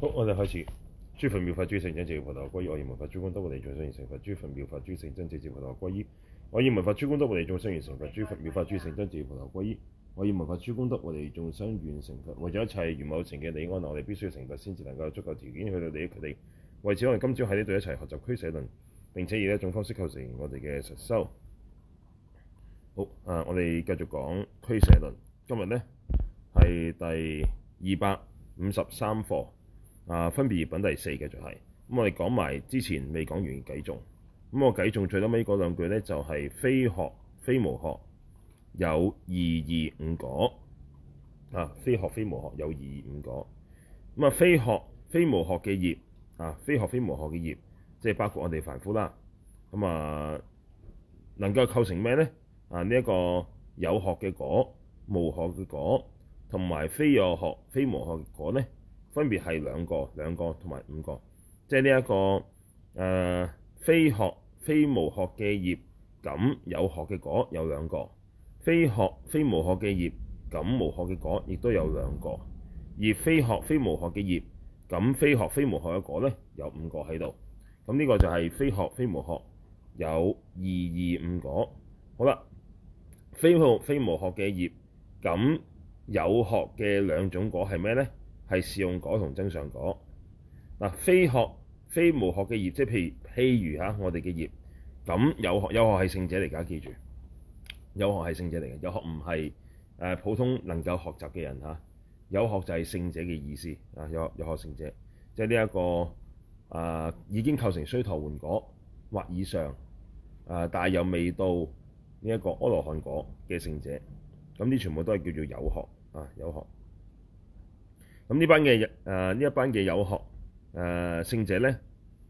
好，我哋開始。諸佛妙法諸聖真，直至菩提果依。我以文化諸功德，我哋眾生完成佛。諸佛妙法諸聖真，直至菩提果依。我以文化諸功德，我哋眾生完成佛。諸佛妙法諸聖真，直至菩提果依。我以文化諸功德，我哋眾生完成佛。為咗一切如某情嘅你我，我哋必須要成佛，先至能夠有足夠條件去到你嘅佢哋。為此，我哋今朝喺呢度一齊學習俱舍論，並且以一種方式構成我哋嘅實修。好，啊，我哋繼續講俱舍論。今日咧係第二百五十三課。啊，分別業品第四嘅就係、是。咁我哋講埋之前未講完計眾，咁我計眾最屘嗰兩句咧就係、是、非學非無學有二二五果，啊，非學非無學有二二五果，咁啊，非學非無學嘅業，啊，非學非無學嘅業，即係包括我哋凡夫啦，咁啊，能夠構成咩咧？啊，呢、這、一個有學嘅果、無學嘅果，同埋非有學、非無學嘅果咧。分別係兩個、兩個同埋五個，即係呢一個誒、呃、非學非無學嘅業咁有學嘅果有兩個，非學非無學嘅業咁無學嘅果亦都有兩個，而非學非無學嘅業咁非學非無學嘅果咧有五個喺度，咁呢個就係非學非無學有二二五果。好啦，非學非無學嘅業咁有學嘅兩種果係咩呢？係士用果同增上果嗱，非學非無學嘅業，即係譬如譬如嚇我哋嘅業咁有學，有學係聖者嚟㗎，記住有學係聖者嚟嘅，有學唔係誒普通能夠學習嘅人嚇，有學就係聖者嘅意思啊，有學，有學聖者即係呢一個啊已經構成須陀洹果或以上啊，但係又未到呢一個阿羅漢果嘅聖者，咁啲全部都係叫做有學啊，有學。咁呢班嘅誒呢一班嘅有學誒聖、呃、者咧誒、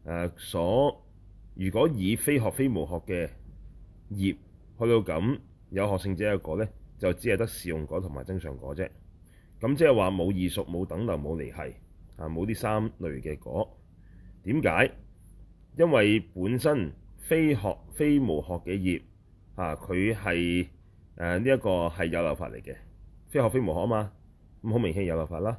呃、所如果以非學非無學嘅業去到咁有學聖者一個咧，就只係得士用果同埋增上果啫。咁即係話冇異熟、冇等流、冇離繫啊，冇啲三類嘅果。點解？因為本身非學非無學嘅業啊，佢係誒呢一個係有漏法嚟嘅，非學非無學啊嘛。咁、嗯、好明顯有漏法啦。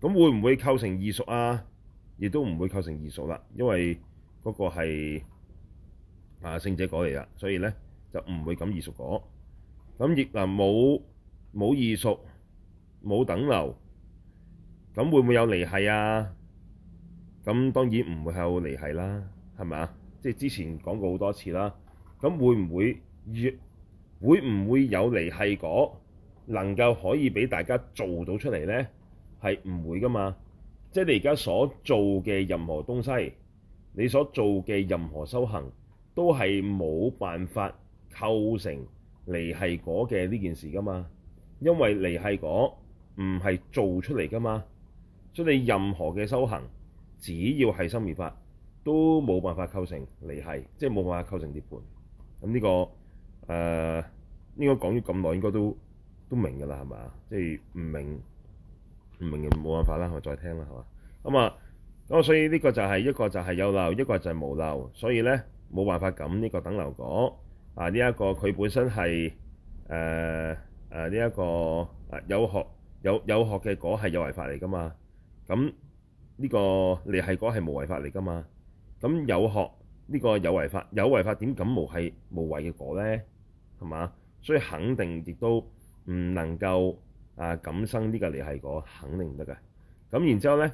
咁會唔會構成異熟啊？亦都唔會構成異熟啦，因為嗰個係啊聖者果嚟啦，所以咧就唔會咁異熟果。咁亦能冇冇異熟，冇等流，咁會唔會有離繫啊？咁當然唔會有離繫啦，係咪啊？即係之前講過好多次啦。咁會唔會越會唔會有離繫果能夠可以俾大家做到出嚟咧？係唔會噶嘛？即係你而家所做嘅任何東西，你所做嘅任何修行，都係冇辦法構成離繫果嘅呢件事噶嘛？因為離繫果唔係做出嚟噶嘛，所以你任何嘅修行，只要係心念法，都冇辦法構成離繫，即係冇辦法構成涅槃。咁、嗯、呢、呢個誒、呃、應該講咗咁耐，應該都都明㗎啦，係嘛？即係唔明。唔明嘅冇辦法啦，我再聽啦，係嘛？咁啊，咁所以呢個就係一個就係有漏，一個就係無漏，所以咧冇辦法咁呢個等流果啊！呢一個佢本身係誒誒呢一個啊有學有有學嘅果係有為法嚟噶嘛？咁呢個離繫果係無為法嚟噶嘛？咁有學呢個有為法，有為法點感無係無為嘅果咧？係嘛？所以肯定亦都唔能夠。啊！感生呢個離繫果肯定唔得嘅。咁然之後咧，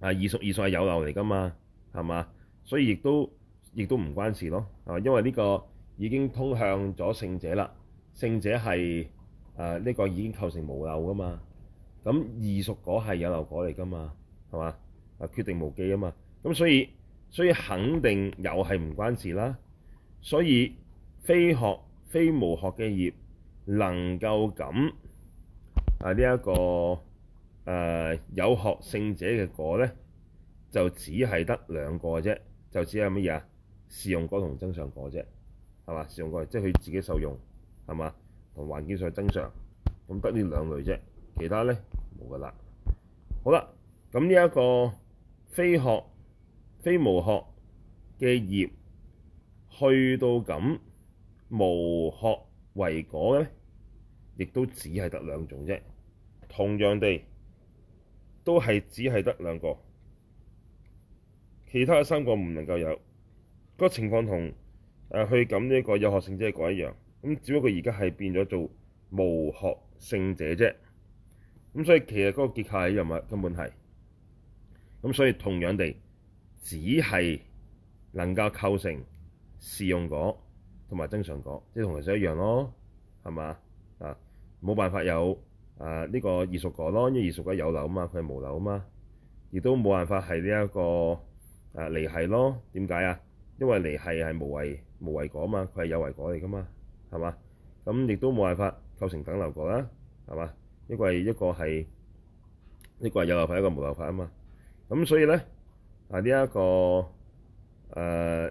啊異熟異熟係有漏嚟噶嘛，係嘛？所以亦都亦都唔關事咯。啊，因為呢個已經通向咗聖者啦。聖者係誒呢個已經構成無漏噶嘛。咁、啊、異熟果係有漏果嚟噶嘛，係嘛？啊，決定無記啊嘛。咁、啊、所以所以肯定又係唔關事啦。所以非學非無學嘅業能夠咁。啊！呢、這、一個誒、呃、有學聖者嘅果咧，就只係得兩個啫，就只係乜嘢啊？士用果同增上果啫，係嘛？士用果即係佢自己受用，係嘛？同環境上增上，咁得呢兩類啫，其他咧，冇噶啦。好啦，咁呢一個非學非無學嘅業去到咁無學為果嘅咧？亦都只係得兩種啫，同樣地都係只係得兩個，其他三個唔能夠有個情況同誒去感呢一個有學聖者個一樣。咁只不過而家係變咗做無學聖者啫。咁所以其實嗰個結構係一樣，根本係咁。所以同樣地，只係能夠構成士用果同埋增上果，即係同其實一樣咯，係嘛？冇辦法有啊呢、呃這個異熟果咯，因為異熟果有漏啊嘛，佢係無漏啊嘛，亦都冇辦法係呢一個啊、呃、離繫咯，點解啊？因為離繫係無為無為果啊嘛，佢係有為果嚟㗎嘛，係嘛？咁亦都冇辦法構成等流果啦，係嘛？一個係一個係呢個係有漏法，一個無漏法啊嘛。咁所以咧啊呢一、這個誒誒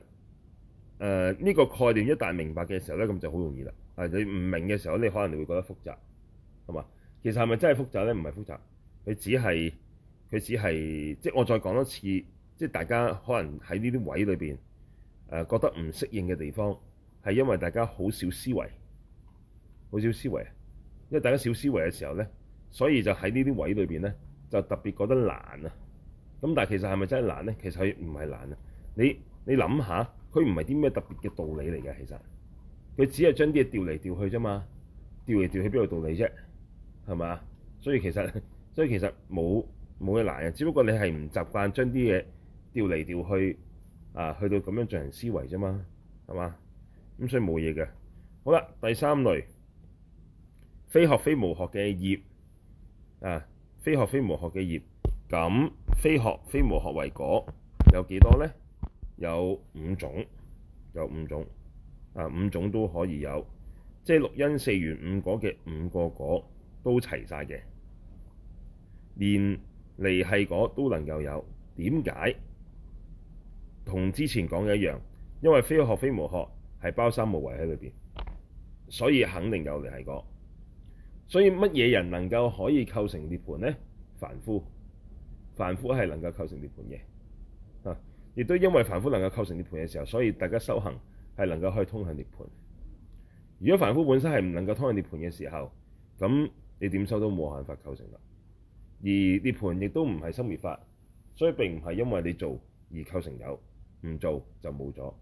呢個概念一旦明白嘅時候咧，咁就好容易啦。啊！你唔明嘅時候你可能你會覺得複雜，係嘛？其實係咪真係複雜咧？唔係複雜，佢只係佢只係即係我再講多次，即係大家可能喺呢啲位裏邊誒覺得唔適應嘅地方，係因為大家好少思維，好少思維。因為大家少思維嘅時候咧，所以就喺呢啲位裏邊咧，就特別覺得難啊！咁但係其實係咪真係難咧？其實佢唔係難啊。你你諗下，佢唔係啲咩特別嘅道理嚟嘅，其實。佢只係將啲嘢調嚟調去啫嘛，調嚟調去邊有道理啫，係嘛？所以其實，所以其實冇冇嘢難嘅，只不過你係唔習慣將啲嘢調嚟調去，啊，去到咁樣進行思維啫嘛，係嘛？咁所以冇嘢嘅。好啦，第三類，非學非無學嘅業，啊，非學非無學嘅業，咁非學非無學為果，有幾多咧？有五種，有五種。啊，五種都可以有，即係六因四緣五果嘅五個果都齊晒嘅，連離繫果都能夠有。點解？同之前講嘅一樣，因為非學非無學係包三無為喺裏邊，所以肯定有離繫果。所以乜嘢人能夠可以構成涅盤呢？凡夫，凡夫係能夠構成涅盤嘅。啊，亦都因為凡夫能夠構成涅盤嘅時候，所以大家修行。係能夠可以通向涅槃。如果凡夫本身係唔能夠通向涅槃嘅時候，咁你點收都冇辦法構成噶。而涅槃亦都唔係生滅法，所以並唔係因為你做而構成有，唔做就冇咗。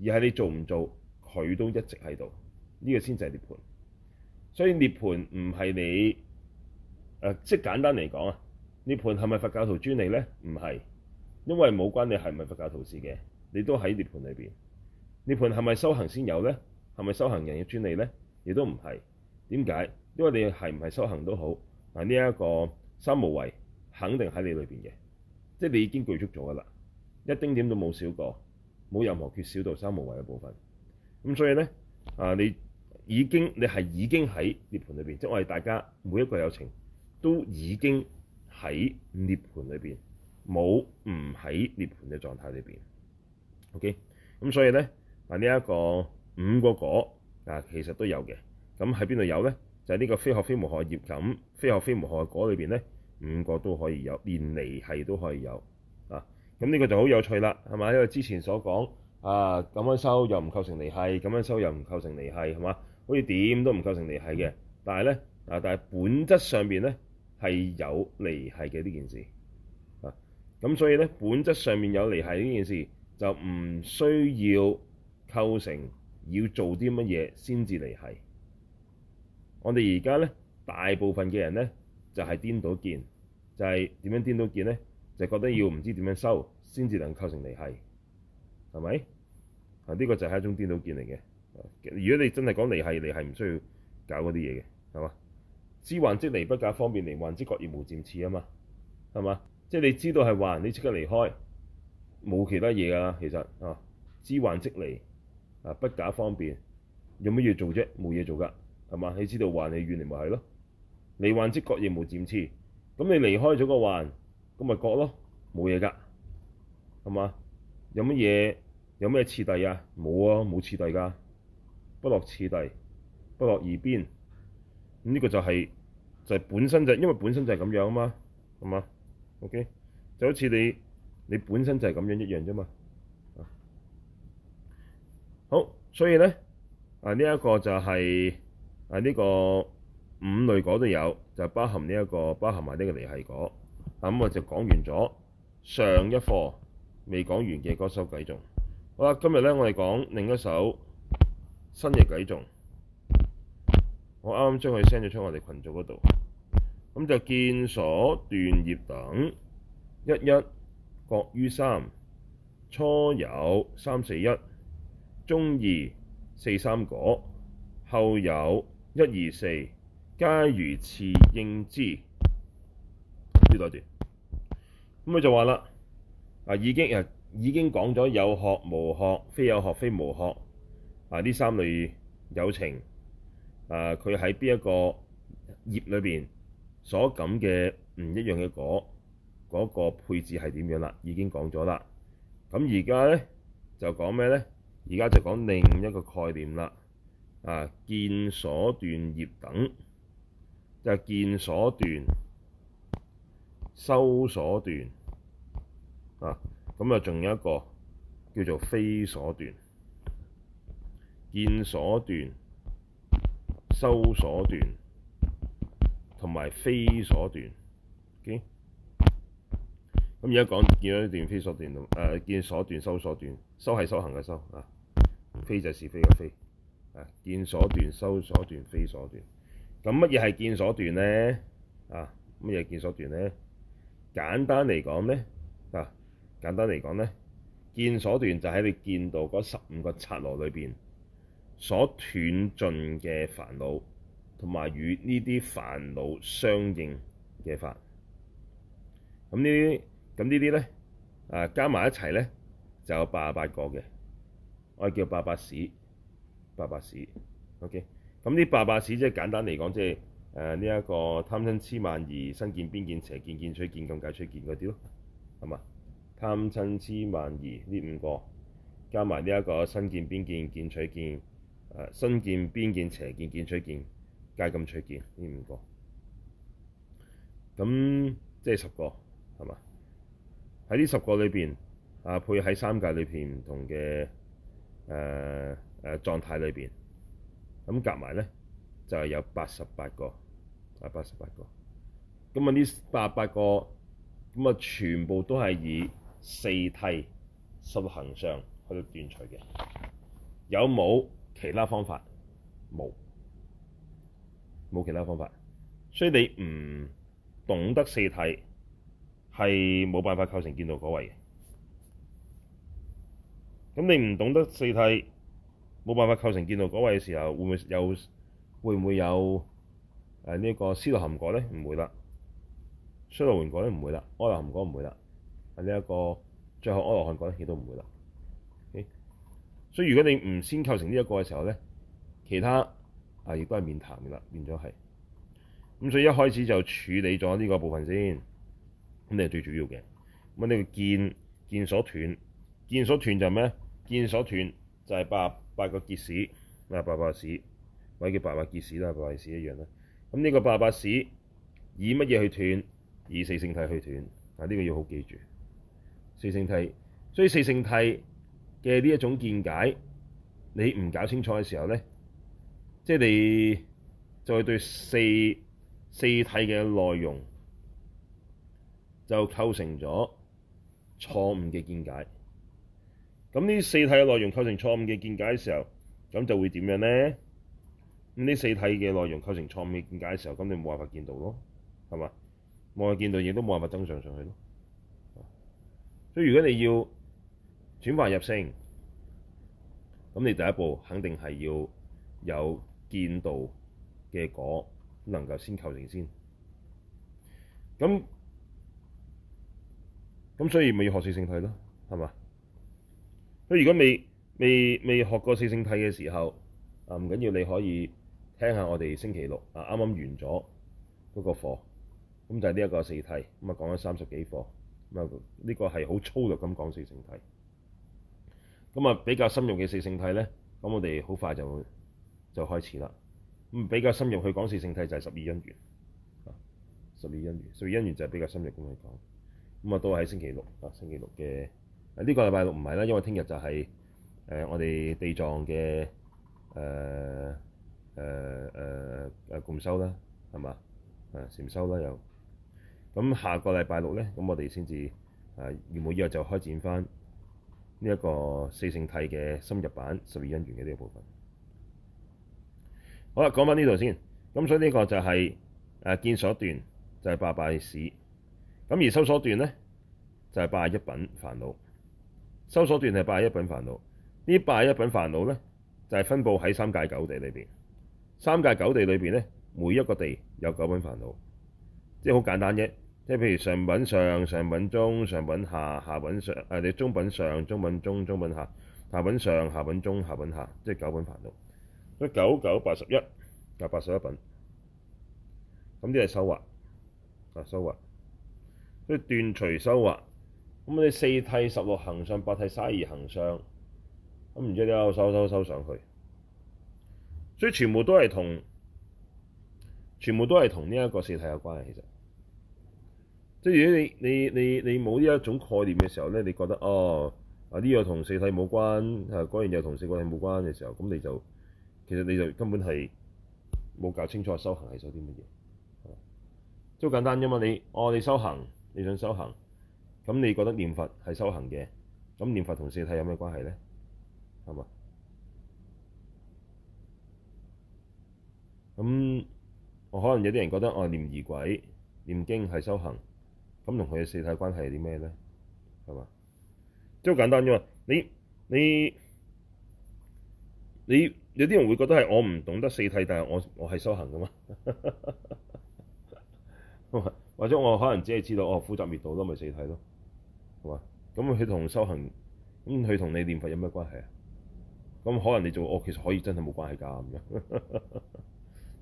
而係你做唔做，佢都一直喺度，呢、這個先就係涅槃。所以涅槃唔係你誒、呃，即係簡單嚟講啊，涅槃係咪佛教徒專利咧？唔係，因為冇關你係唔係佛教徒事嘅，你都喺涅槃裏邊。涅盤係咪修行先有呢？係咪修行人嘅專利呢？亦都唔係。點解？因為你係唔係修行都好，嗱呢一個三無為肯定喺你裏邊嘅，即係你已經具足咗噶啦，一丁點都冇少過，冇任何缺少到三無為嘅部分。咁所以呢，啊，你已經你係已經喺涅盤裏邊，即係我哋大家每一個有情都已經喺涅盤裏邊，冇唔喺涅盤嘅狀態裏邊。OK，咁所以呢。嗱呢一個五個果啊，其實都有嘅。咁喺邊度有呢？就係、是、呢個非學非無學業咁，非學非無學果裏邊呢，五個都可以有，連離繫都可以有啊。咁呢個就好有趣啦，係嘛？因為之前所講啊，咁樣收又唔構成離繫，咁樣收又唔構成離繫，係嘛？好似點都唔構成離繫嘅，但係呢，啊，但係本質上面呢，係有離係嘅呢件事啊。咁所以呢，本質上面有離係呢件事就唔需要。構成要做啲乜嘢先至離係？我哋而家咧，大部分嘅人咧就係顛倒見，就係點樣顛倒見咧？就是呢就是、覺得要唔知點樣收先至能構成離係，係咪啊？呢、這個就係一種顛倒見嚟嘅。如果你真係講離係，離係唔需要搞嗰啲嘢嘅，係嘛？知幻即離，不假方便；離幻即覺，而無漸次啊嘛，係嘛？即係你知道係幻，你即刻離開，冇其他嘢㗎啦。其實啊，知幻即離。啊，不假方便，有乜嘢做啫？冇嘢做噶，係嘛？你知道幻你遠離咪係咯？離幻即覺，亦無漸次。咁你離開咗個幻，咁咪覺咯，冇嘢噶，係嘛？有乜嘢？有咩次第啊？冇啊，冇次第噶、啊，不落次第，不落二邊。咁、嗯、呢、這個就係、是、就係、是、本身就是、因為本身就係咁樣啊嘛，係嘛？OK，就好似你你本身就係咁樣一樣啫嘛。所以咧，啊呢一、這個就係、是、啊呢、這個五類果都有，就是、包含呢、這、一個，包含埋呢個離繫果。咁、嗯、我就講完咗上一課未講完嘅嗰首偈頌。好、嗯、啦，今日咧我哋講另一首新嘅偈頌。我啱啱將佢 send 咗出我哋群組嗰度。咁、嗯、就見所斷業等，一一各於三，初有三四一。中二四三果，後有一二四，皆如次應知，呢段。咁佢就話啦：啊，已經啊已經講咗有學無學，非有學非無學。啊，呢三類有情，啊，佢喺邊一個業裏邊所感嘅唔一樣嘅果，嗰、那個配置係點樣啦？已經講咗啦。咁而家咧就講咩咧？而家就講另一個概念啦，啊，見所斷業等，就係、見所斷、修所斷，啊，咁啊仲有一個叫做非所斷，見所斷、修所斷，同埋非所斷嘅。咁而家講見所斷、非所斷同誒見所斷、修、啊、所斷，修係修行嘅修啊。非就是非嘅非，啊！見所斷、修所斷、非所斷。咁乜嘢係見所斷咧？啊！乜嘢見所斷咧、啊？簡單嚟講咧，啊！簡單嚟講咧，見所斷就喺你見到嗰十五個剎那裏邊所斷盡嘅煩惱，同埋與呢啲煩惱相應嘅法。咁、啊、呢啲，咁呢啲咧，啊！加埋一齊咧，就有八十八個嘅。我叫八八使，八八使。OK，咁呢八八使即係簡單嚟講，即係誒呢一個貪瞋痴慢疑、身見邊見邪見見取見、戒禁取見嗰啲咯，係嘛？貪瞋痴慢疑呢五個，加埋呢一個身見邊見見取見誒身見邊見、呃、邪見見取見戒禁取見呢五個，咁即係十個，係嘛？喺呢十個裏邊啊、呃，配喺三界裏邊唔同嘅，誒誒、呃呃、狀態裏邊，咁夾埋咧就係有八十八個，係八十八個。咁啊呢八十八個，咁啊全部都係以四諦十行上去到斷取嘅。有冇其他方法？冇，冇其他方法。所以你唔懂得四諦，係冇辦法構成見道嗰位嘅。咁你唔懂得四諦，冇辦法構成見道果位嘅時候，會唔會有？會唔會有誒呢一個斯陀含果咧？唔會啦，斯陀含果咧唔會啦，阿羅漢果唔會啦，啊、呢個、呢一、呢個最後阿羅漢果咧亦都唔會啦。Okay? 所以如果你唔先構成呢一個嘅時候咧，其他啊亦都係免談嘅啦，變咗係。咁所以一開始就處理咗呢個部分先，咁你係最主要嘅。咁啊，你見見所斷，見所斷就係咩？見所斷就係、是、八八個結使，八八八使，或者叫八八結使啦，八八使一樣啦。咁、這、呢個八八使以乜嘢去斷？以四聖諦去斷啊！呢、這個要好記住四聖諦。所以四聖諦嘅呢一種見解，你唔搞清楚嘅時候咧，即、就、係、是、你再對四四諦嘅內容就構成咗錯誤嘅見解。咁呢四體嘅內容構成錯誤嘅見解嘅時候，咁就會點樣咧？咁呢四體嘅內容構成錯誤嘅見解嘅時候，咁你冇辦法見到咯，係嘛？冇辦法見到，亦都冇辦法增長上去咯。所以如果你要轉化入聖，咁你第一步肯定係要有見到嘅果，能夠先構成先。咁咁所以咪要學四聖體咯，係嘛？佢如果未未未學過四聖體嘅時候啊，唔緊要，你可以聽下我哋星期六啊啱啱完咗嗰個課，咁就係呢一個四，個四體，咁啊講咗三十幾課，咁啊呢個係好粗略咁講四聖體，咁啊比較深入嘅四聖體咧，咁我哋好快就就開始啦，咁比較深入去講四聖體就係十二因緣，十二因緣，十二因緣就係比較深入咁去講，咁啊都喺星期六啊，星期六嘅。呢個禮拜六唔係啦，因為聽日就係、是、誒、呃、我哋地藏嘅誒誒誒誒共修啦，係嘛誒禪修啦。又、呃、咁、呃嗯、下個禮拜六咧，咁我哋先至誒二月二日就開展翻呢一個四聖諦嘅深入版十二因緣嘅呢個部分。好啦，講翻呢度先。咁所以呢個就係、是、誒、啊、見所斷，就係八十八使。咁而修所斷咧，就係八十一品煩惱。煩惱。修所斷係八十一品煩惱，呢八十一品煩惱咧就係、是、分布喺三界九地裏邊。三界九地裏邊咧，每一個地有九品煩惱，即係好簡單啫。即係譬如上品上、上品中、上品下、下品上，誒，你中品上、中品中、中品下、下品上、下品中、下品下，即係九品煩惱。所以九九八十一，就八十一品。咁呢係修惑啊，修惑。所以斷除修惑。咁你四諦十六行相，八諦三十二行相，咁然之後收收收上去，所以全部都係同，全部都係同呢一個四諦有關嘅，其實，即係如果你你你你冇呢一種概念嘅時候咧，你覺得哦，啊呢樣同四諦冇關，啊嗰樣又同四個諦冇關嘅時候，咁你就，其實你就根本係冇搞清楚修行係做啲乜嘢，好、嗯、簡單啫嘛，你，哦你修行，你想修行。咁你覺得念佛係修行嘅，咁念佛同四諦有咩關係咧？係嘛？咁我可能有啲人覺得，我、呃、念疑鬼、念經係修行，咁同佢嘅四諦關係係啲咩咧？係嘛？即係好簡單啫嘛，你你你有啲人會覺得係我唔懂得四諦，但係我我係修行噶嘛， 或者我可能只係知道哦，苦集滅道都咪四諦咯。咁佢同修行，咁佢同你念佛有咩關係啊？咁可能你做，我其實可以真係冇關係㗎咁樣，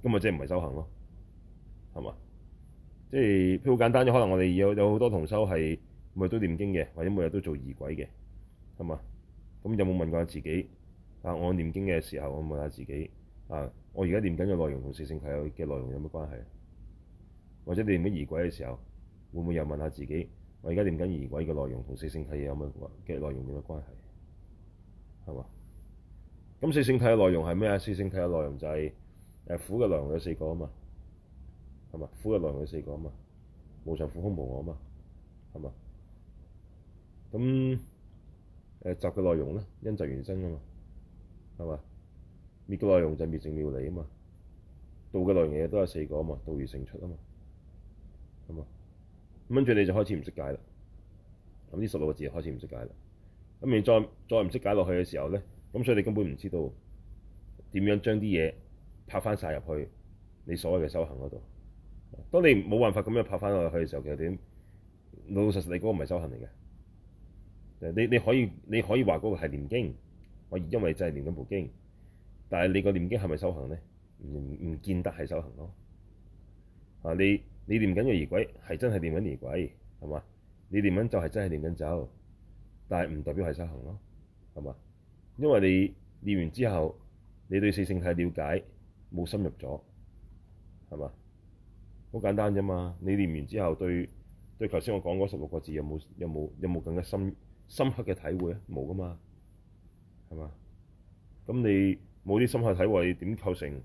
咁咪即係唔係修行咯？係嘛？即係好簡單啫。可能我哋有有好多同修係每日都念經嘅，或者每日都做儀軌嘅，係嘛？咁有冇問過自己啊？我念經嘅時候，我問下自己啊，我而家念緊嘅內容同四聖諦嘅內容有咩關係？或者你念啲儀軌嘅時候，會唔會又問下自己？我而家念緊儀軌嘅內容同四聖諦嘢有咩嘅內容有咩關係？係嘛？咁四聖諦嘅內容係咩啊？四聖諦嘅內容就係、是、誒、呃、苦嘅內容有四個啊嘛，係嘛？苦嘅、呃、內容有四個啊嘛，無常、苦空、無我啊嘛，係嘛？咁誒集嘅內容咧，因集緣生啊嘛，係嘛？滅嘅內容就係滅靜妙離啊嘛，道嘅內容嘢都係四個啊嘛，道如勝出啊嘛，係嘛？跟住你就開始唔識解啦，咁呢十六個字又開始唔識解啦，咁你再再唔識解落去嘅時候咧，咁所以你根本唔知道點樣將啲嘢拍翻晒入去你所謂嘅修行嗰度。當你冇辦法咁樣拍翻落去嘅時候，其實點老老實實、那個，你嗰個唔係修行嚟嘅。你你可以你可以話嗰個係念經，我因為就係念緊部經，但係你個念經係咪修行咧？唔唔見得係修行咯。啊，你。你念緊個儀軌係真係念緊儀軌，係嘛？你念緊就係真係念緊走，但係唔代表係修行咯，係嘛？因為你念完之後，你對四聖諦了解冇深入咗，係嘛？好簡單啫嘛。你念完之後，對對頭先我講嗰十六個字有冇有冇有冇更加深深刻嘅體會咧？冇噶嘛，係嘛？咁你冇啲深刻體會，你點構成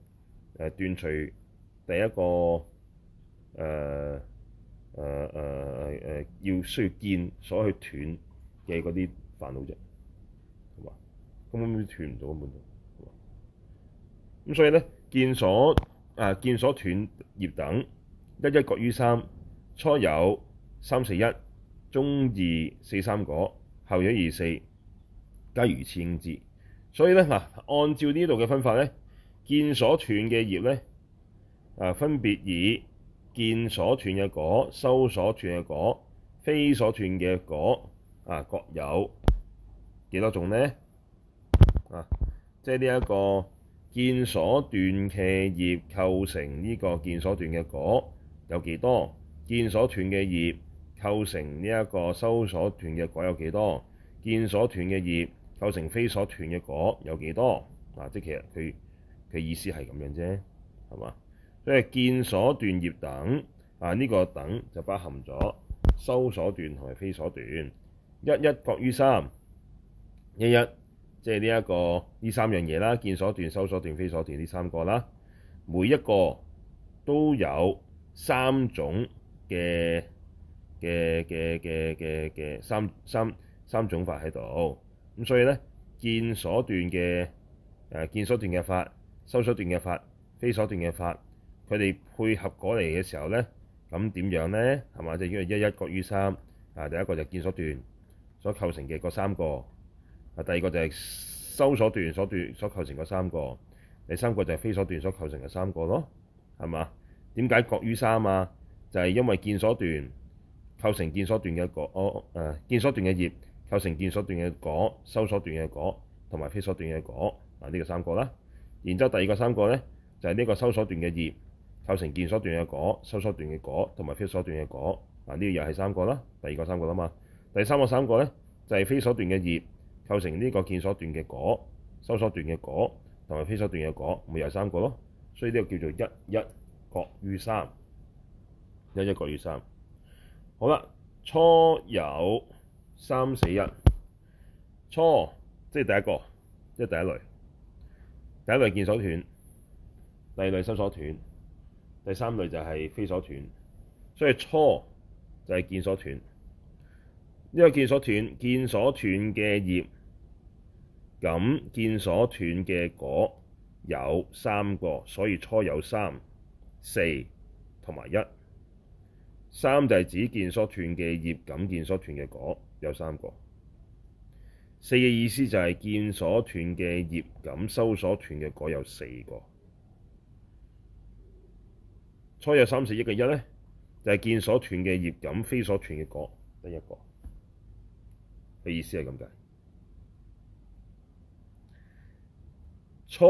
誒斷除第一個？誒誒誒誒，要、呃呃呃呃、需要見所去斷嘅嗰啲煩惱啫，係嘛？根本斷唔到根本，係嘛？咁所以咧，見所啊，見、呃、所斷業等一一各於三初有三四一中二四三果後有一二四，皆如次應知。所以咧嗱，按照呢度嘅分法咧，見所斷嘅業咧啊，分別以。見所斷嘅果，修所斷嘅果，非所斷嘅果，啊各有幾多種呢？啊，即係呢一個見所斷嘅業構成呢個見所斷嘅果有幾多？見所斷嘅業構成呢一個修所斷嘅果有幾多？見所斷嘅業構成非所斷嘅果有幾多？啊，即係其實佢佢意思係咁樣啫，係嘛？即係見所斷業等啊！呢、這個等就包含咗修所斷同埋非所斷，一一各於三，一一即係呢一個呢三樣嘢啦，見所斷、修所斷、非所斷呢三個啦，每一個都有三種嘅嘅嘅嘅嘅嘅三三三種法喺度。咁所以咧，見所斷嘅誒、呃、見所斷嘅法、修所斷嘅法、非所斷嘅法。佢哋配合過嚟嘅時候咧，咁點樣咧？係嘛，就因、是、為一一各於三啊。第一個就見所斷所構成嘅嗰三個，啊，第二個就係修所斷所斷所構成嗰三個，第三個就係非所斷所構成嘅三個咯，係嘛？點解各於三啊？就係、是、因為見所斷構成見所斷嘅果，誒、呃、見所斷嘅業構成見所斷嘅果，修所斷嘅果同埋非所斷嘅果啊，呢個三個啦。然之後第二個三個咧，就係、是、呢個修所斷嘅業。構成見所斷嘅果、修所斷嘅果，同埋非所斷嘅果，嗱，呢個又係三個啦，第二個三個啦嘛。第三個三個咧就係、是、非所斷嘅業構成呢個見所斷嘅果、修所斷嘅果，同埋非所斷嘅果，咪、就、又、是、三個咯。所以呢個叫做一一各於三，一一各於三。好啦，初有三四一，初即係、就是、第一個，即、就、係、是、第一類，第一類見所斷，第二類修所斷。第三類就係非所斷，所以初就係見所斷。呢個見所斷、見所斷嘅業咁、見所斷嘅果有三個，所以初有三、四同埋一。三就係指見所斷嘅業咁、見所斷嘅果有三個。四嘅意思就係見所斷嘅業咁、修所斷嘅果有四個。初有三四一咧，就係、是、見所斷嘅業，咁非所斷嘅果，得一個嘅意思係咁解。初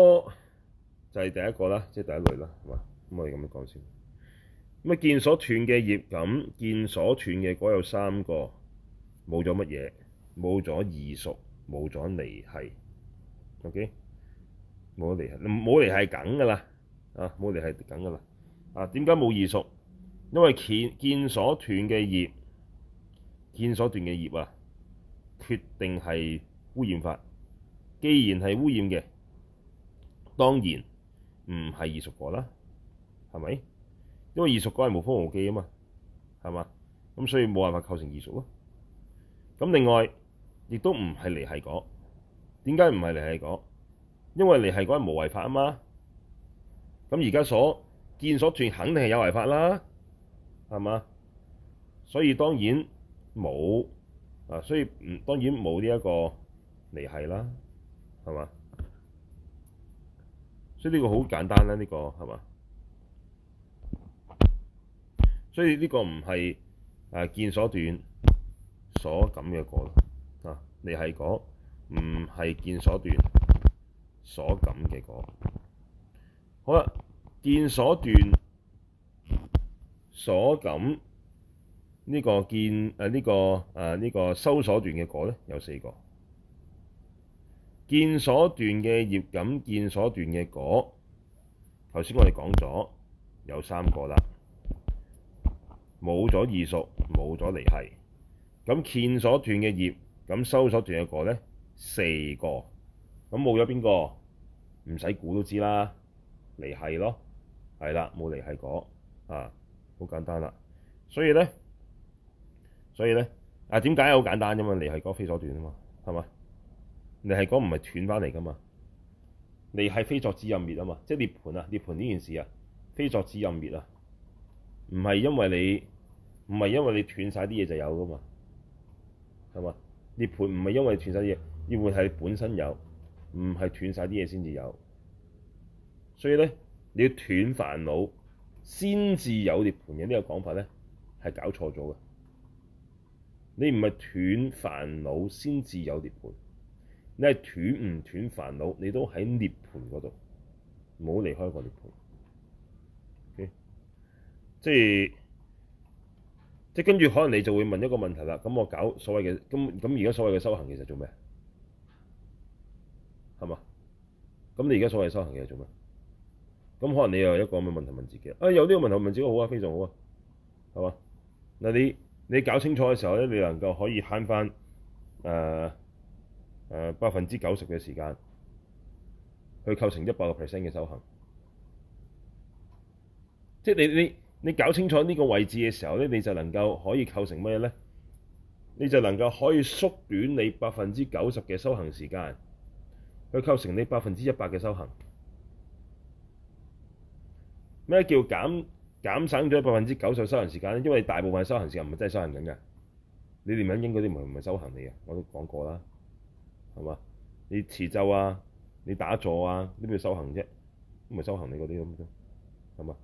就係第一個啦，即、就、係、是、第一類啦，係嘛？咁我哋咁樣講先。咁啊，見所斷嘅業咁，見所斷嘅果有三個，冇咗乜嘢？冇咗異熟，冇咗離繫。OK，冇離，冇離繫梗噶啦，啊，冇離繫梗噶啦。啊！點解冇異熟？因為見所斷嘅業，見所斷嘅業啊，決定係污染法。既然係污染嘅，當然唔係異熟果啦，係咪？因為異熟果係無覆無記啊嘛，係嘛？咁所以冇辦法構成異熟咯。咁另外亦都唔係離繫果，點解唔係離繫果？因為離繫果係無為法啊嘛。咁而家所見所斷肯定係有漏法啦，係嘛？所以當然冇啊，所以唔當然冇呢一個離繫啦，係嘛？所以呢個好簡單啦、啊，呢、這個係嘛？所以呢個唔係誒見所斷所感嘅果啊，離繫果唔係見所斷所感嘅果。好啦。見所斷、所感呢、這個見誒呢、呃，這個誒呢、呃這個修所斷嘅果咧有四個，見所斷嘅業感，見所斷嘅果，頭先我哋講咗有三個啦，冇咗異熟，冇咗離繫，咁見所斷嘅業，咁修所斷嘅果咧四個，咁冇咗邊個？唔使估都知啦，離繫咯。係啦，冇離繫果啊，好簡單啦。所以咧，所以咧，啊，點解好簡單啫嘛？離繫果非所斷啊嘛，係嘛？離繫果唔係斷翻嚟噶嘛？離繫非作子任滅啊嘛，即係涅槃啊！涅槃呢件事啊，非作子任滅啊，唔係因為你唔係因為你斷晒啲嘢就有噶嘛，係嘛？涅槃唔係因為斷晒啲嘢，要係你本身有，唔係斷晒啲嘢先至有。所以咧。你要斷煩惱，先至有涅盤嘅呢個講法咧，係搞錯咗嘅。你唔係斷煩惱先至有涅盤，你係斷唔斷煩惱，你都喺涅盤嗰度，唔好離開過涅盤。Okay? 即係即係跟住，可能你就會問一個問題啦。咁我搞所謂嘅咁咁而家所謂嘅修行，其實做咩？係嘛？咁你而家所謂修行嘅係做咩？咁可能你又一個咁嘅問題問自己啊，有呢個問題、哎、問自己好啊，非常好啊，係嘛？嗱，你你搞清楚嘅時候咧，你能夠可以慳翻誒誒百分之九十嘅時間去構成一百個 percent 嘅修行。即係你你你搞清楚呢個位置嘅時候咧，你就能夠可以構成咩嘢咧？你就能夠可以縮短你百分之九十嘅修行時間，去構成你百分之一百嘅修行。咩叫減減省咗百分之九十修行時間咧？因為大部分修行時間唔係真係修行緊嘅，你連飲飲嗰啲唔係唔係修行你嘅，我都講過啦，係嘛？你持咒啊，你打坐啊，邊度修行啫？唔係修行李你嗰啲咁啫，係嘛？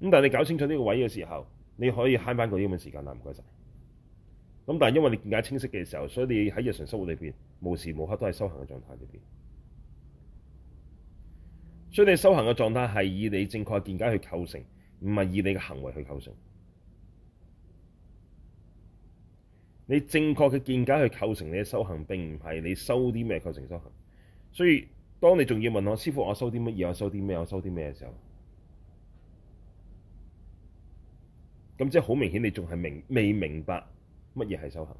咁但係你搞清楚呢個位嘅時候，你可以慳翻個英文時間啦，唔該晒。咁但係因為你更加清晰嘅時候，所以你喺日常生活裏邊，無時無刻都係修行嘅狀態裏邊。所以你修行嘅狀態係以你正確見解去構成，唔係以你嘅行為去構成。你正確嘅見解去構成你嘅修行，並唔係你修啲咩構成修行。所以，當你仲要問我師傅我，我修啲乜嘢，我修啲咩，我修啲咩嘅時候，咁即係好明顯，你仲係明未明白乜嘢係修行？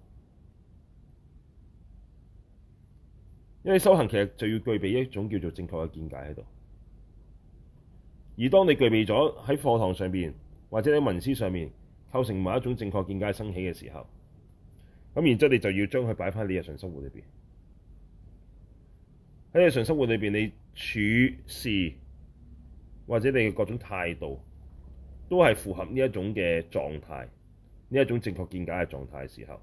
因為修行其實就要具備一種叫做正確嘅見解喺度。而當你具備咗喺課堂上邊或者喺文思上面構成某一種正確見解生起嘅時候，咁然之後你就要將佢擺返你日常生活裏邊。喺日常生活裏邊，你處事或者你嘅各種態度都係符合呢一種嘅狀態，呢一種正確見解嘅狀態嘅時候，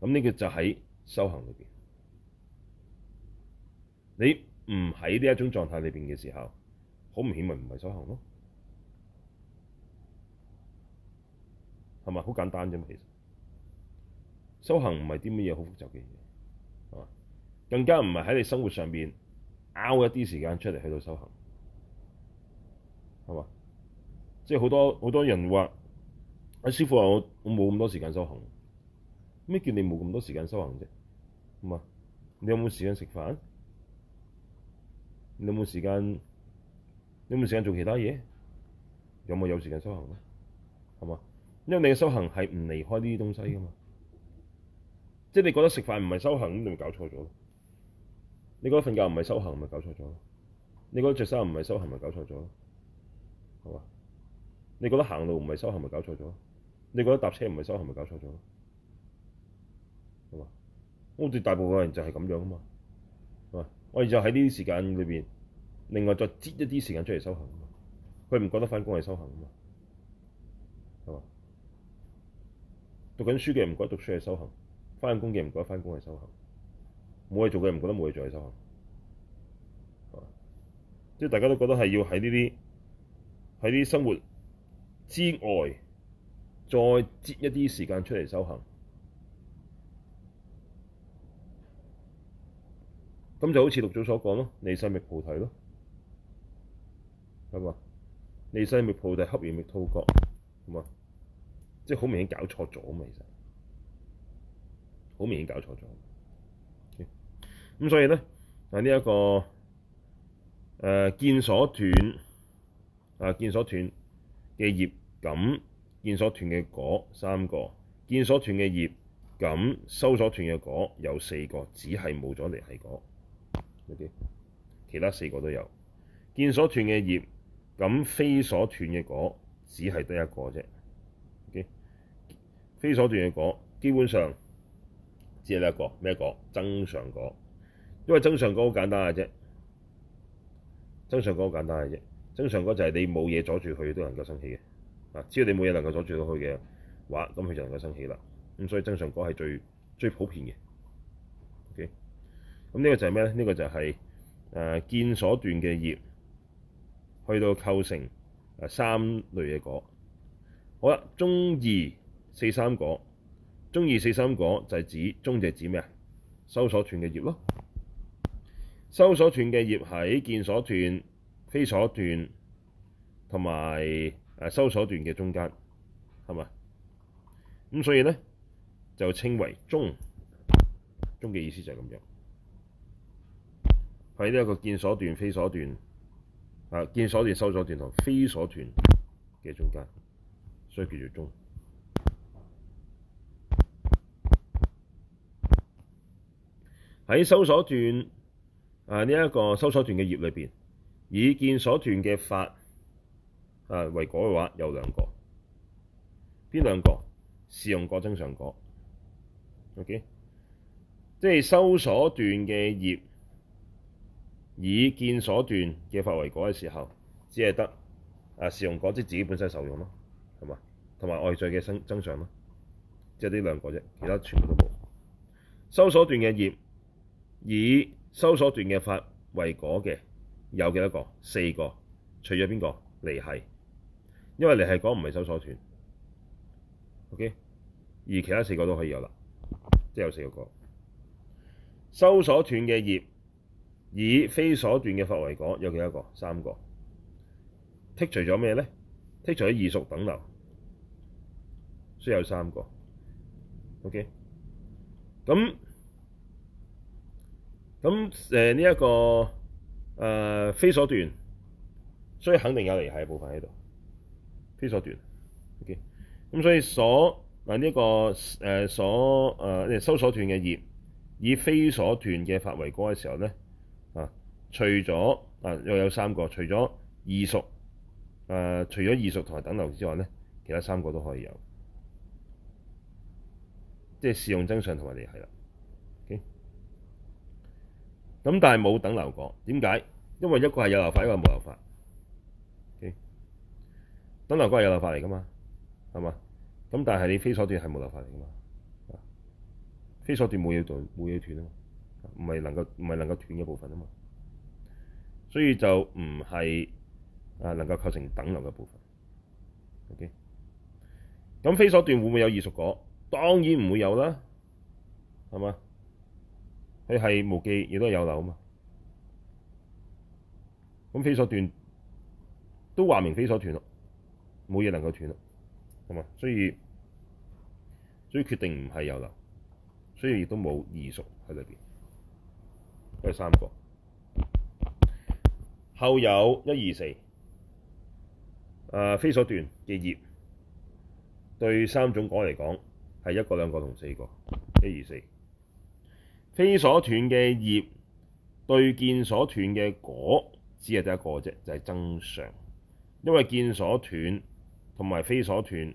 咁呢個就喺修行裏邊。你唔喺呢一種狀態裏邊嘅時候，好明顯，咪唔係修行咯？係咪？好簡單啫嘛！其實修行唔係啲乜嘢好複雜嘅嘢，係嘛？更加唔係喺你生活上邊拗一啲時間出嚟喺度修行，係嘛？即係好多好多人話：阿師傅話我，我冇咁多時間修行，咩叫你冇咁多時間修行啫？咁啊，你有冇時間食飯？你有冇時間？你冇時間做其他嘢，有冇有，有時間修行咧？係嘛？因為你嘅修行係唔離開呢啲東西噶嘛，即係你覺得食飯唔係修行，咁你咪搞錯咗；你覺得瞓覺唔係修行，咪搞錯咗；你覺得着衫唔係修行，咪搞錯咗；係嘛？你覺得行路唔係修行，咪搞錯咗；你覺得搭車唔係修行，咪搞錯咗；係嘛？我哋大部分人就係咁樣啊嘛，係嘛？我而家喺呢啲時間裏邊。另外再擠一啲時間出嚟修行，佢唔覺得翻工係修行啊嘛，係嘛？讀緊書嘅人唔覺得讀書係修行，翻工嘅人唔覺得翻工係修行，冇嘢做嘅人唔覺得冇嘢做係修行，係嘛？即係大家都覺得係要喺呢啲喺啲生活之外再擠一啲時間出嚟修行，咁就好似六祖所講咯，你生為菩提咯。係嘛？利西滅菩提，翕然滅套覺。係嘛？即係好明顯搞錯咗啊嘛！其實好明顯搞錯咗。咁、okay? 所以咧，啊呢一個誒、呃、見所斷，啊見所斷嘅業感，見所斷嘅果三個，見所斷嘅業感修所斷嘅果有四個，只係冇咗離繫果。嗰、okay? 啲其他四個都有，見所斷嘅業。咁非，非所斷嘅果只係得一個啫，OK？非所斷嘅果基本上只係得一個咩果？增上果，因為增上果好簡單嘅啫，增上果好簡單嘅啫，增上果就係你冇嘢阻住佢都能夠生起嘅，啊，只要你冇嘢能夠阻住到佢嘅話，咁佢就能夠生起啦。咁所以增上果係最最普遍嘅，OK？咁呢個就係咩咧？呢、這個就係、是、誒、呃、見所斷嘅業。去到構成誒、呃、三類嘅果，好啦，中二四三果，中二四三果就係指中，就係指咩啊？修所斷嘅業咯，修所斷嘅業喺見所斷、非所斷同埋誒修所斷嘅中間係咪？咁所以咧就稱為中。中嘅意思就係咁樣，喺呢一個見所斷、非所斷。啊！見所斷、修所斷同非所斷嘅中間，所以叫做中。喺修所斷啊呢一，這個修所斷嘅業裏邊，以見所斷嘅法啊為果嘅話，有兩個，邊兩個？士用果、增上果 okay？士用果，增上果。O K，即係修所斷嘅業。以見所斷嘅法為果嘅時候，只係得啊士用果即、就是、自己本身受用咯，係嘛？同埋外在嘅增增長咯，即係呢兩個啫，其他全部都冇。修所斷嘅業以修所斷嘅法為果嘅有幾多個？四個，除咗邊個？離繫，因為離繫果唔係修所斷。OK，而其他四個都可以有啦，即、就、係、是、有四個果修所斷嘅業。以非所斷嘅法為果，有幾多個？三個剔。剔除咗咩咧？剔除咗異熟等流，所以有三個。OK。咁咁誒呢一個誒、呃、非所斷，所以肯定有離繫嘅部分喺度。非所斷。OK。咁所以所嗱呢一個誒、呃、所誒、呃、收所斷嘅業，以非所斷嘅法為果嘅時候咧。除咗啊，又有三個，除咗異熟，誒、呃，除咗異熟同埋等流之外咧，其他三個都可以有，即係士用、增上同埋離繫啦。咁、okay? 但係冇等流果，點解？因為一個係有漏法，一個係冇漏法。Okay? 等流果係有漏法嚟噶嘛，係嘛？咁但係你非所斷係冇漏法嚟噶嘛？非所斷冇嘢斷，冇嘢斷啊嘛，唔係能夠唔係能夠斷嘅部分啊嘛。所以就唔係啊，能夠構成等流嘅部分。OK，咁非所斷會唔會有異熟果？當然唔會有啦，係嘛？佢係無記，亦都有漏啊嘛。咁非所，所斷都話明非所斷咯，冇嘢能夠斷咯。係嘛？所以所以決定唔係有漏，所以亦都冇異熟喺裏邊，都係三個。後有一二四，啊，非所斷嘅業對三種果嚟講係一個、兩個同四個。一二四，非所斷嘅業對見所斷嘅果，只係得一個啫，就係增上。因為見所斷同埋非所斷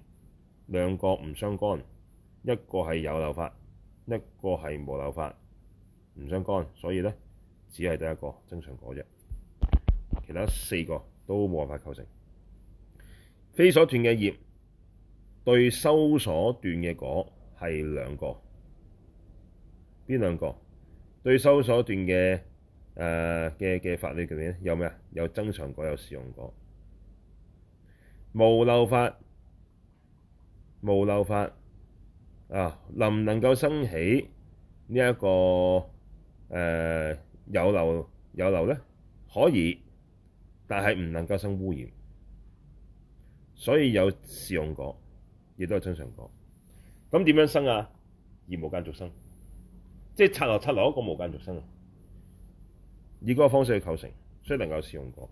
兩個唔相干，一個係有漏法，一個係無漏法，唔相干，所以咧只係得一個增上果啫。其他四個都冇辦法構成。非所斷嘅業對修所斷嘅果係兩個，邊兩個？對修所斷嘅誒嘅嘅法律叫咩有咩啊？有增上果，有士用果。無漏法無漏法啊，能唔能夠生起、這個呃、呢一個誒有漏有漏咧？可以。但係唔能夠生污染，所以有士用果，亦都有增上果。咁點樣生啊？業無間續生，即係剎那剎那一個無間續生，以嗰個方式去構成，所以能夠士用果。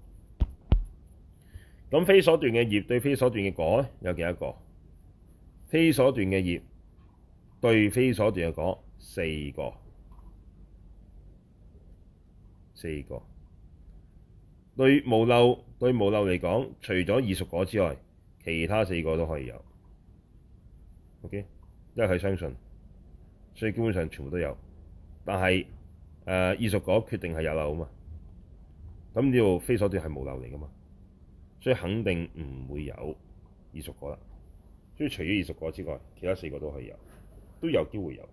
咁非所斷嘅業對非所斷嘅果呢，有幾多個？非所斷嘅業對非所斷嘅果四個，四個。對無漏對無漏嚟講，除咗異熟果之外，其他四個都可以有。O K，因為佢相信，所以基本上全部都有。但係誒，呃、異熟果決定係有漏啊嘛，咁呢度非所斷係無漏嚟噶嘛，所以肯定唔會有異熟果啦。所以除咗異熟果之外，其他四個都可以有，都有機會有。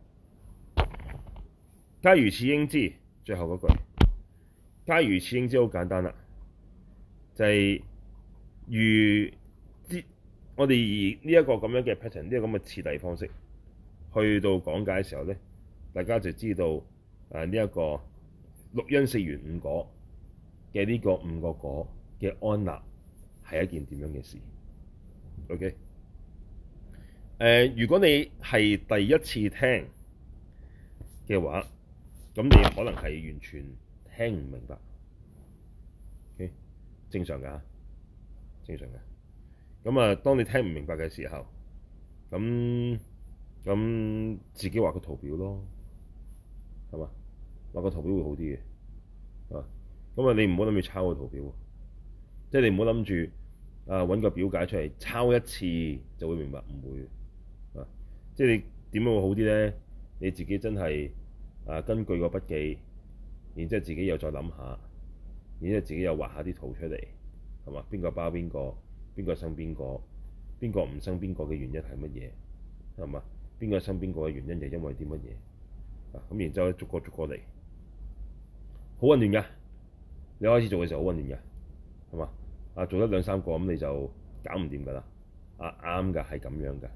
皆如次應知，最後嗰句，皆如次應知好簡單啦。就係、是、如接我哋以呢一個咁樣嘅 pattern，呢個咁嘅徹底方式，去到講解嘅時候咧，大家就知道誒呢一個六因四緣五果嘅呢、這個五個果嘅安立係一件點樣嘅事。OK，誒、呃、如果你係第一次聽嘅話，咁你可能係完全聽唔明白。正常嘅，正常嘅。咁啊，當你聽唔明白嘅時候，咁咁自己畫個圖表咯，係嘛？畫個圖表會好啲嘅，啊。咁啊，你唔好諗住抄個圖表，即係你唔好諗住啊揾個表解出嚟抄一次就會明白，唔會。啊，即係你點樣會好啲咧？你自己真係啊，根據個筆記，然之後自己又再諗下。然之後自己又畫下啲圖出嚟，係嘛？邊個包邊個？邊個生邊個？邊個唔生邊個嘅原因係乜嘢？係嘛？邊個生邊個嘅原因就因為啲乜嘢？啊咁，然之後逐個逐個嚟，好混亂㗎。你開始做嘅時候好混亂㗎，係嘛？啊，做咗兩三個咁你就搞唔掂㗎啦。啊啱㗎，係咁樣㗎。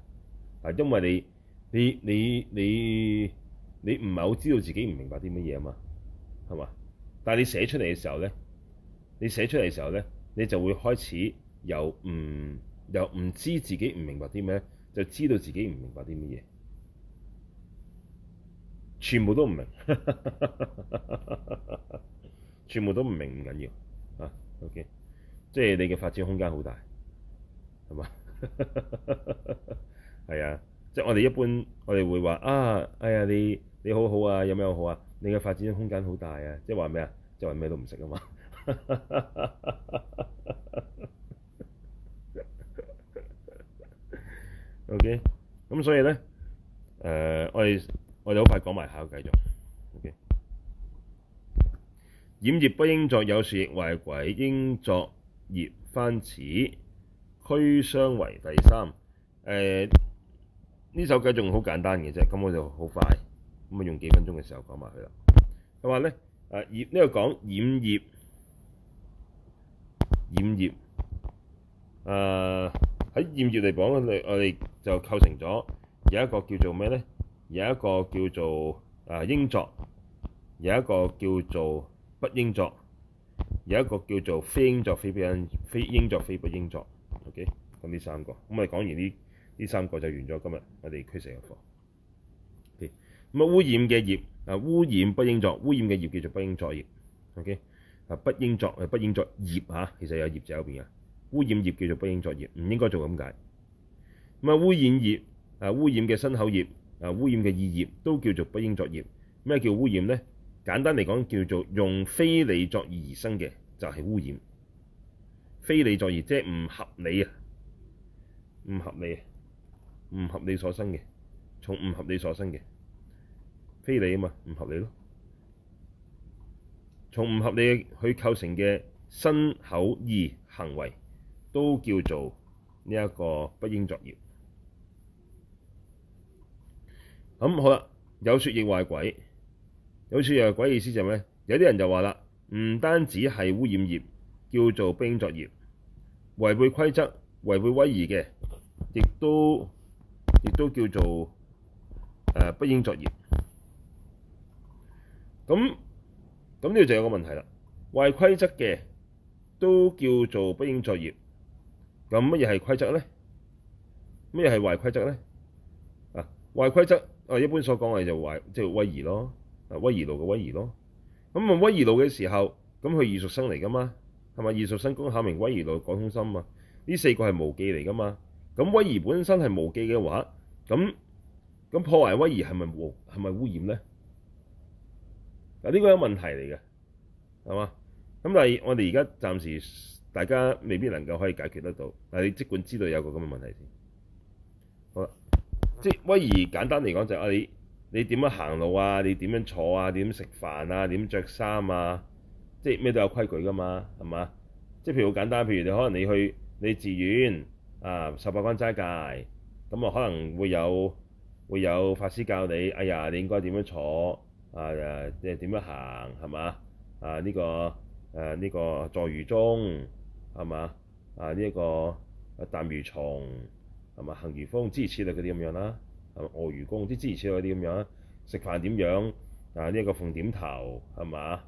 啊，因為你你你你你唔係好知道自己唔明白啲乜嘢啊嘛，係嘛？但係你寫出嚟嘅時候咧。你寫出嚟嘅時候咧，你就會開始又唔又唔知自己唔明白啲咩，就知道自己唔明白啲乜嘢。全部都唔明哈哈哈哈，全部都唔明唔緊要啊。OK，即係你嘅發展空間好大，係嘛？係 啊，即係我哋一般我哋會話啊，哎呀，你你好好啊，有咩好啊？你嘅發展空間好大啊，即係話咩啊？即係話咩都唔識啊嘛。O K，咁所以咧，誒，我哋我哋好快講埋下，繼續。O K，染業不應作有說，亦壞軌。應作業翻此，俱相違第三。誒，呢首偈仲好簡單嘅啫，咁我就好快咁啊，用幾分鐘嘅時候講埋佢啦。佢話咧，誒，業呢個講染業。染業，誒喺染業嚟講，我哋就構成咗有一個叫做咩咧？有一個叫做誒應作，有一個叫做不應作，有一個叫做非應作非不應非應作非不應作。OK，咁呢三個，咁我哋講完呢呢三個就完咗今日我哋區成嘅課。OK，咁啊污染嘅業啊，污染不應作，污染嘅業叫做不應作業。OK。啊，不應作啊，不應作業啊，其實有業字喺入邊嘅，污染業叫做不應作業，唔應該做咁解。咁啊，污染業啊，污染嘅身口業啊，污染嘅意業都叫做不應作業。咩叫污染咧？簡單嚟講，叫做用非理作意而生嘅就係污染。非理作意即係唔合理啊，唔合理啊，唔合理所生嘅，從唔合理所生嘅，非理啊嘛，唔合理咯。從唔合理去構成嘅身口意行為，都叫做呢一個不應作業。咁好啦，有說亦壞軌，有說又壞軌意思就咩、是？有啲人就話啦，唔單止係污染業叫做不應作業，違背規則、違背威儀嘅，亦都亦都叫做誒、呃、不應作業。咁咁呢度就有個問題啦，壞規則嘅都叫做不應作業。咁乜嘢係規則咧？乜嘢係壞規則咧？啊，壞規則啊，一般所講嘅就壞，即係威儀咯，威儀路嘅威儀咯。咁、啊、問威儀路嘅時候，咁佢異熟生嚟噶嘛？係咪異熟生工巧明、威儀路講通果心啊？呢四個係無記嚟噶嘛？咁威儀本身係無記嘅話，咁咁破壞威儀係咪污係咪污染咧？嗱，呢個有問題嚟嘅，係嘛？咁但係，我哋而家暫時大家未必能夠可以解決得到。但係你即管知道有個咁嘅問題先。好啦，即威儀簡單嚟講就係啊，你你點樣行路啊？你點樣坐啊？點食飯啊？點着衫啊？即咩都有規矩㗎嘛，係嘛？即譬如好簡單，譬如你可能你去你去寺院啊，十八關齋戒，咁啊可能會有會有法師教你，哎呀，你應該點樣坐？啊誒，即係點樣行係嘛？啊呢、這個誒呢個坐如鐘係嘛？啊呢一、這個、啊這個、淡如松係嘛？行如風，諸如此類啲咁樣啦，係嘛？臥如弓，啲諸如此類啲咁樣啦。食飯點樣？啊呢一、這個鳳點頭係嘛？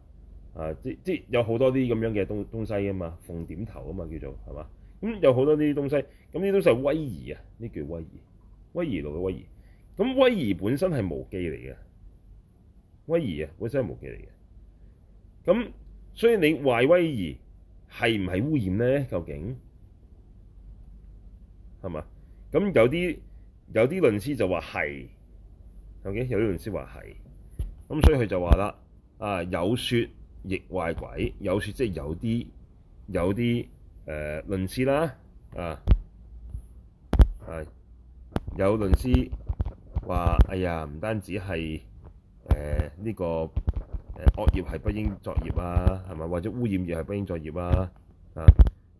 啊即即有好多啲咁樣嘅東東西啊嘛，鳳點頭啊嘛叫做係嘛？咁有好多啲東西，咁呢啲都係威儀啊，呢叫威儀，威儀路嘅威儀。咁威儀本身係無記嚟嘅。威儀啊，本身係無記嚟嘅。咁所以你壞威儀係唔係污染咧？究竟係嘛？咁有啲有啲論師就話係，究竟，okay？有啲論師話係。咁所以佢就話啦：啊，有說亦壞軌，有說即係有啲有啲誒論師啦，啊啊有論師話：哎呀，唔單止係。誒呢、呃這個誒惡、呃、業係不應作業啊，係嘛？或者污染業係不應作業啊？啊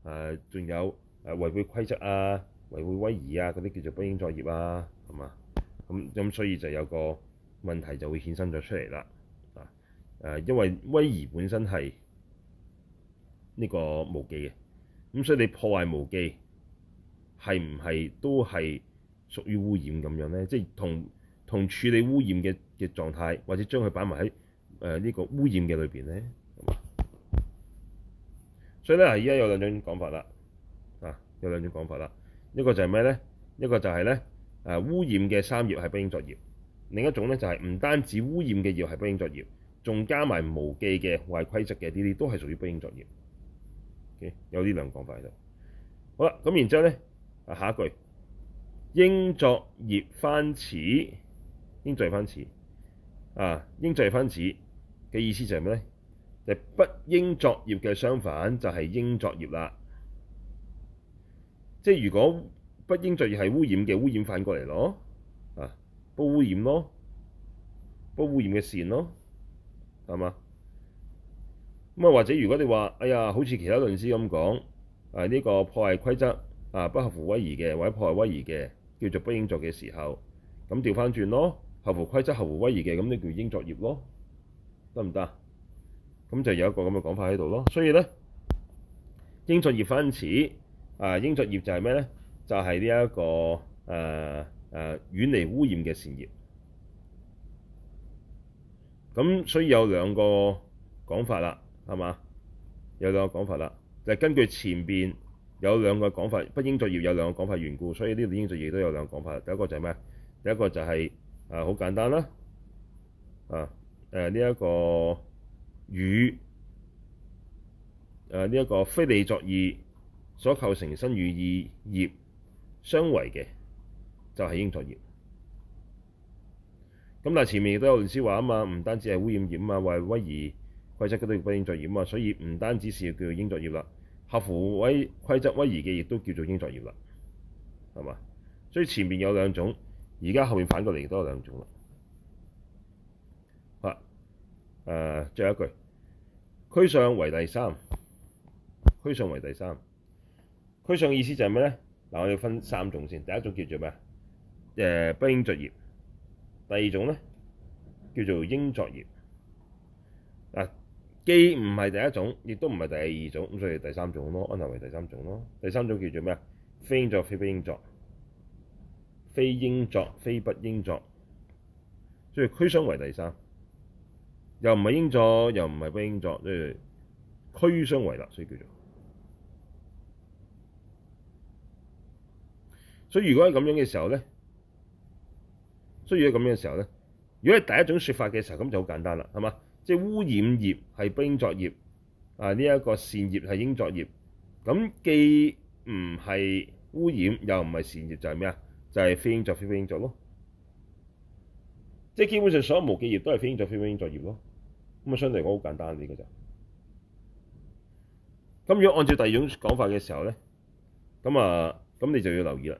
誒，仲、啊、有誒、啊、違背規則啊、違背威儀啊嗰啲叫做不應作業啊，係嘛？咁、嗯、咁、嗯，所以就有個問題就會衍生咗出嚟啦。啊誒，因為威儀本身係呢個無記嘅，咁所以你破壞無記係唔係都係屬於污染咁樣咧？即係同同處理污染嘅嘅狀態，或者將佢擺埋喺誒呢個污染嘅裏邊咧，所以咧依家有兩種講法啦，啊有兩種講法啦。一個就係咩咧？一個就係咧誒污染嘅三業係不應作業，另一種咧就係、是、唔單止污染嘅業係不應作業，仲加埋無記嘅、壞規則嘅呢啲都係屬於不應作業。有呢兩講法喺度。好啦，咁然之後咧啊，下一句應作業翻此，應罪翻此。啊，應作業翻此嘅意思就係咩咧？就不、是、應作業嘅相反就係應作業啦。即係如果不應作業係污染嘅，污染反過嚟咯。啊，不污染咯，不污染嘅善咯，係嘛？咁啊，或者如果你話，哎呀，好似其他論師咁講，誒、啊、呢、這個破壞規則啊，不合乎威儀嘅或者破壞威儀嘅叫做不應作嘅時候，咁調翻轉咯。合乎規則、合乎威儀嘅，咁你叫應作業咯，得唔得啊？咁就有一個咁嘅講法喺度咯。所以咧，應作業翻此啊，應作業就係咩咧？就係呢一個誒誒、啊啊、遠離污染嘅善業。咁所以有兩個講法啦，係嘛？有兩個講法啦，就係、根據前邊有兩個講法，不應作業有兩個講法緣故，所以呢度應作業都有兩個講法。第一個就係咩？第一個就係、是。啊，好簡單啦！啊，誒呢一個與誒呢一個非理作意所構成身語意業相違嘅，就係應作業。咁但係前面亦都有論師話啊嘛，唔單止係污染業啊嘛，話係威儀規則嗰啲亦都應作業啊嘛，所以唔單止是叫做應作業啦，合乎規則威規則威儀嘅亦都叫做應作業啦，係嘛？所以前面有兩種。而家後面反過嚟亦都有兩種啦。好啦，最後一句，俱相違為第三，俱相違為第三，俱相違意思就係咩咧？嗱，我要分三種先。第一種叫做咩？誒、呃，不應作業。第二種咧，叫做應作業。嗱，既唔係第一種，亦都唔係第二種，咁所以第三種咯，安排為第三種咯。第三種叫做咩？非應作，非不應作。非應作非不應作，所以俱相違第三，又唔係應作，又唔係不應作，所以俱相違立，所以叫做。所以如果喺咁樣嘅時候咧，所以如果咁樣嘅時候咧，如果係第一種說法嘅時候，咁就好簡單啦，係嘛？即係，就係污染業係不應作業，啊呢一個善業係應作業，咁既唔係污染又唔係善業就，就係咩啊？就係非應作非非應作咯，即係基本上所有無記業都係非應作非非應作業咯。咁啊，相對嚟講好簡單啲嘅就咁。如果按照第二種講法嘅時候咧，咁啊，咁你就要留意啦，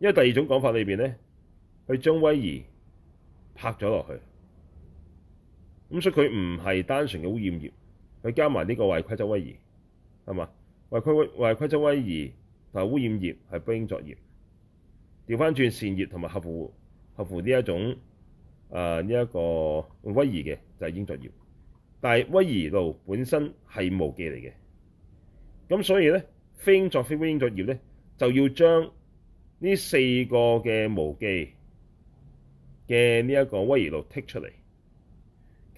因為第二種講法裏邊咧，佢將威儀拍咗落去，咁所以佢唔係單純嘅污染業，佢加埋呢個違規則威儀係嘛？違規違違規則威儀同污染業係不應作業。調翻轉善業同埋合乎合乎呢一種誒呢、呃、一個、呃、威儀嘅就係、是、應作業，但係威儀路本身係無記嚟嘅，咁所以咧非應作非非應作業咧就要將呢四個嘅無記嘅呢一個威儀路剔出嚟，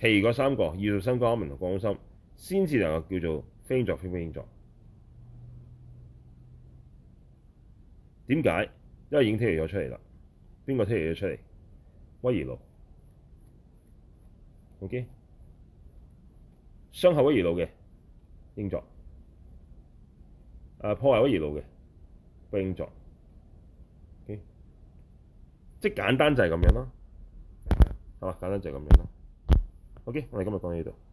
其餘嗰三個異熟生、工巧明同通果心，先至能夠叫做非應作非非應作。點解？因為已經踢入咗出嚟啦，邊個踢入咗出嚟？威儀路，O K，傷後威儀路嘅應作，誒、啊、破壞威儀路嘅不應作，O K，即係簡單就係咁樣咯，係嘛？簡單就係咁樣咯，O K，我哋今日講到呢度。